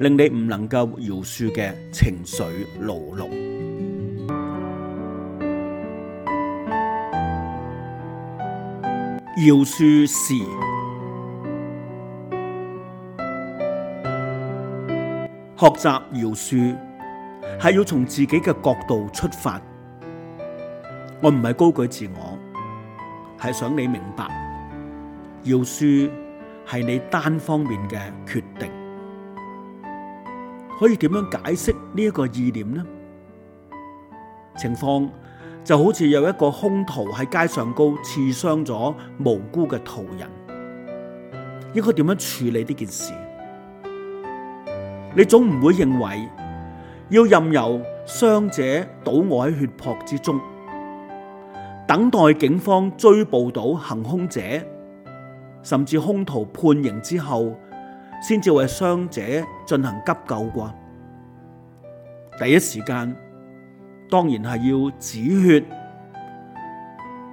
令你唔能夠饒恕嘅情緒牢籠，饒恕是學習饒恕係要從自己嘅角度出發，我唔係高舉自我，係想你明白，饒恕係你單方面嘅決定。可以點樣解釋呢一個意念呢？情況就好似有一個凶徒喺街上高刺傷咗無辜嘅途人，應該點樣處理呢件事？你總唔會認為要任由傷者倒臥喺血泊之中，等待警方追捕到行凶者，甚至凶徒判刑之後，先至為傷者進行急救啩，第一時間當然係要止血，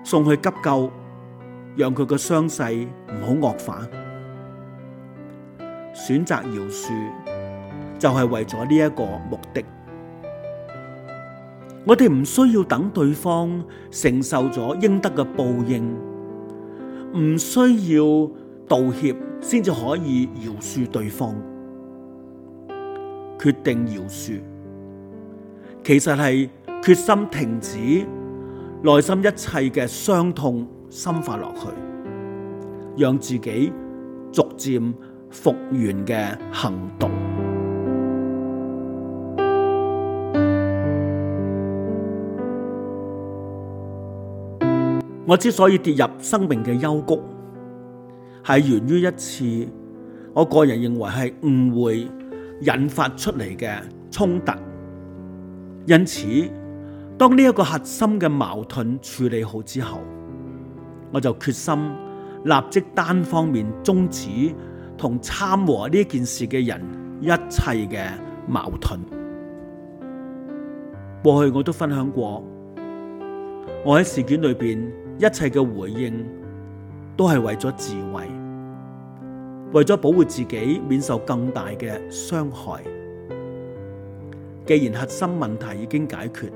送去急救，讓佢嘅傷勢唔好惡化。選擇饒恕就係為咗呢一個目的。我哋唔需要等對方承受咗應得嘅報應，唔需要。道歉先至可以饒恕對方，決定饒恕，其實係決心停止內心一切嘅傷痛深化落去，讓自己逐漸復原嘅行動。我之所以跌入生命嘅幽谷。係源於一次，我個人認為係誤會引發出嚟嘅衝突。因此，當呢一個核心嘅矛盾處理好之後，我就決心立即單方面終止同參和呢件事嘅人一切嘅矛盾。過去我都分享過，我喺事件裏面一切嘅回應，都係為咗自衛，為咗保護自己免受更大嘅傷害。既然核心問題已經解決，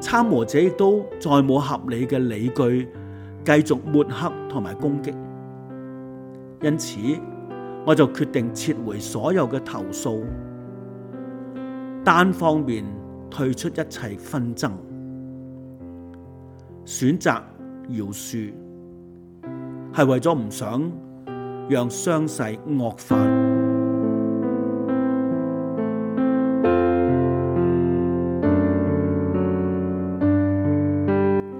參和者亦都再冇合理嘅理據，繼續抹黑同埋攻擊。因此，我就決定撤回所有嘅投訴，單方面退出一切紛爭，選擇饒恕。係為咗唔想讓傷勢惡化，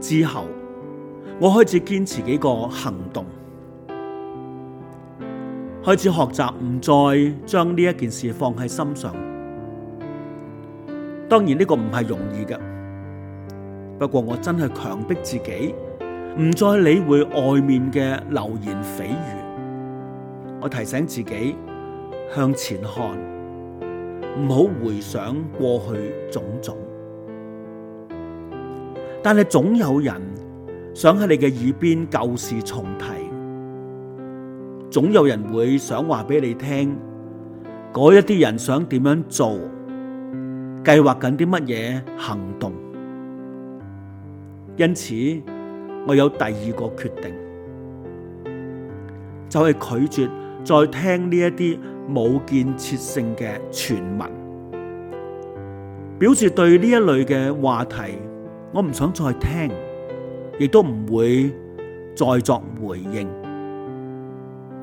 之後我開始堅持幾個行動，開始學習唔再將呢一件事放喺心上。當然呢個唔係容易嘅，不過我真係強迫自己。唔再理會外面嘅流言蜚語，我提醒自己向前看，唔好回想過去種種。但係總有人想喺你嘅耳邊舊事重提，總有人會想話俾你聽，嗰一啲人想點樣做，計劃緊啲乜嘢行動，因此。我有第二個決定，就係拒絕再聽呢一啲冇建設性嘅傳聞，表示對呢一類嘅話題，我唔想再聽，亦都唔會再作回應。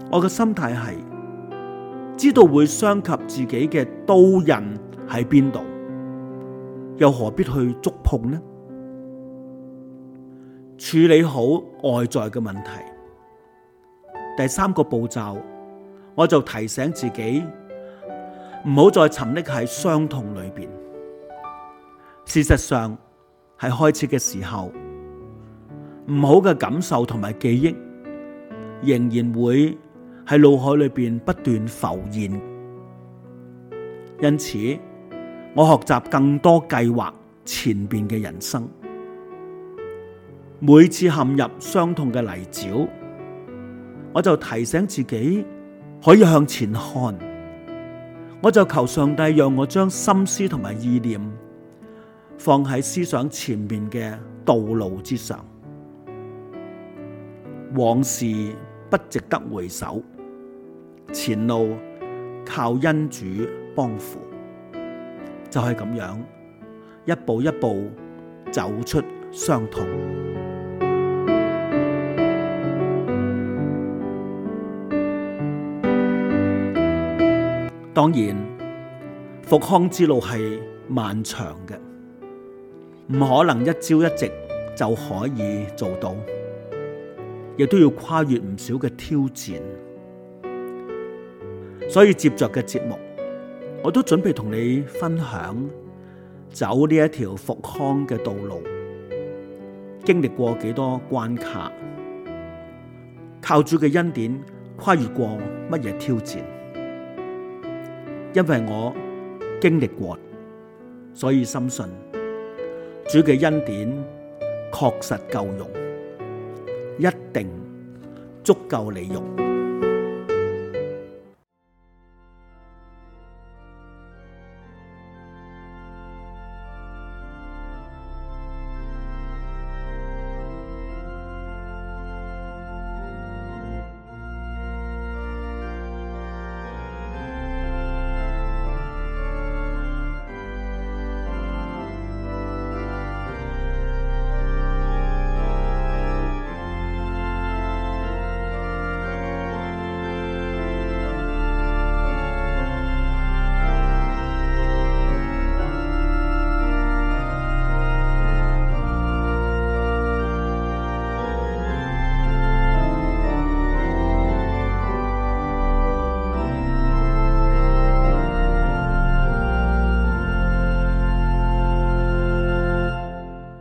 我嘅心態係知道會傷及自己嘅刀刃喺邊度，又何必去觸碰呢？處理好外在嘅問題，第三個步驟，我就提醒自己唔好再沉溺喺傷痛裏邊。事實上，喺開始嘅時候，唔好嘅感受同埋記憶仍然會喺腦海裏邊不斷浮現。因此，我學習更多計劃前邊嘅人生。每次陷入傷痛嘅泥沼，我就提醒自己可以向前看。我就求上帝讓我將心思同埋意念放喺思想前面嘅道路之上。往事不值得回首，前路靠恩主幫扶，就係咁樣一步一步走出傷痛。當然，復康之路係漫長嘅，唔可能一朝一夕就可以做到，亦都要跨越唔少嘅挑戰。所以，接着嘅節目，我都準備同你分享，走呢一條復康嘅道路，經歷過幾多關卡，靠主嘅恩典跨越過乜嘢挑戰。因為我經歷過，所以深信主嘅恩典確實夠用，一定足夠你用。